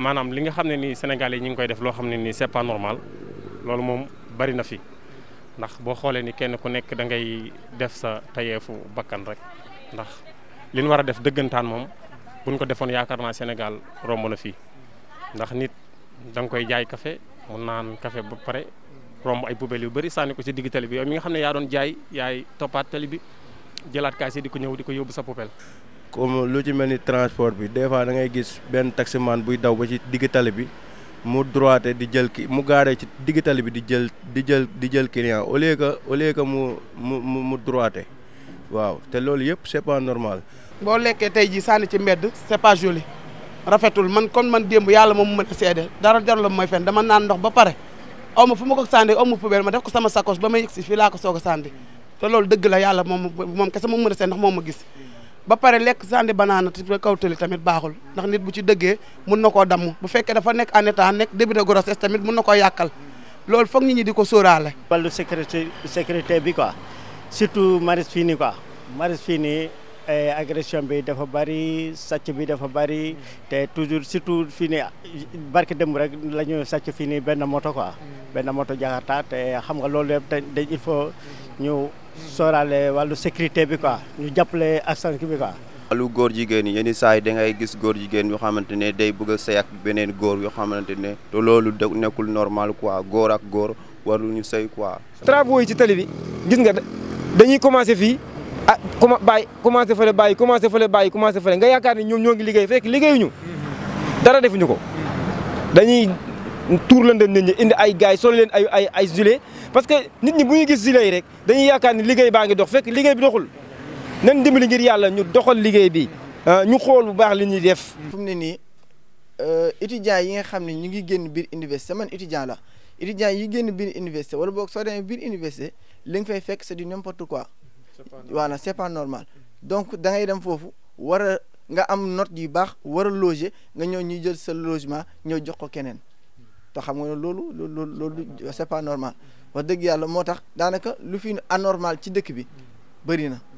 maanaam li nga xam ne nii Sénégalais yi ñu ngi koy def loo xam ne ni c'est pas loolu moom bari na fi ndax boo xoolee ni kenn ku nekk dangay ngay def sa tayeefu bakkan rek ndax li ñu war a def dëggantaan moom buñ ko defoon yaakaar naa Sénégal romb na fi ndax nit da koy jaay café mu naan café ba pare romb ay poubelles yu bëri sànni ko ci digg tali bi yow mi nga xam ne yaa doon jaay yaay toppaat tali bi jëlaat kaas di ko ñëw di ko yóbbu sa poubelle comme lu ci mel ni transport bi des fois da ngay gis benn taximan buy daw ba ci digg tali bi mu droite di jël ki mu gaaree ci digg bi di jël di jël di jël client au que au que mu mu mu droite waaw te loolu yëpp c'est pas normal. boo lekkee tey jii sànni ci mbedd c'est pas joli rafetul man kon man démb yàlla moom mën a seede dara jarul mooy fen dama naan ndox ba pare aw ma fu ma ko sànni aw ma poubelle ma def ko sama sacoche ba ma si fii laa ko soog te loolu dëgg la yàlla moom moom kese moom mën a seede ndax moom ma gis. ba pare lekk sànni banaana ci kaw tëli tamit baaxul ndax nit bu ci dëggee mun na koo damm bu fekkee dafa nekk en état nekk début de grossesse tamit mun na koo yàqal loolu foog nit ñi di ko sóoraale. wàllu sécurité sécurité bi quoi surtout maris fii nii quoi maris fii nii eh, agression bi dafa bari sàcc bi dafa bari te toujours surtout fii nii barke démb rek la ñu sàcc fii nii benn moto quoi mm. benn moto jakarta te xam nga loolu yëpp te il faut ñu. sooraale wàllu sécurité bi quoi ñu jàppale askan bi quoi. wàllu góor jigéen yi yenn saa yi da ngay gis góor jigéen yoo xamante ne day bëgg a sëy ak beneen góor yoo xamante ne loolu da nekkul normal quoi góor ak góor waruñu sëy quoi. travaux yi ci tali bi gis nga dañuy commencé fii ah comm bàyyi commencé fële bàyyi commencé fële bàyyi commencé fële nga yaakaar ni ñoom ñoo ngi liggéey fekk liggéeyuñu dara ñu ko dañuy. tuur lëndëm nit ñi indi ay gars yi solo leen ay ay ay parce que nit ñi bu ñu gis gilet yi rek dañuy yaakaar ni liggéey baa ngi dox fekk liggéey bi doxul nan dimbali ngir yàlla ñu doxal liggéey bi ah, ñu xool bu baax li ñuy def. fu mu ne nii euh, étudiants yi nga xam ne ñu ngi génn biir université man étudiant la étudiants yi génn biir université wala boog soo demee biir université li nga fay fekk c'est du n'importe quoi. voilà c'est pas normal donc da ngay dem foofu war a nga am note yu baax war a nga ñëw ñuy jël sa logement ñëw jox ko keneen. te xam nga loolu loolu loolu c'est normal wax dëgg yàlla moo tax daanaka lu fi anormal ci dëkk bi bëri na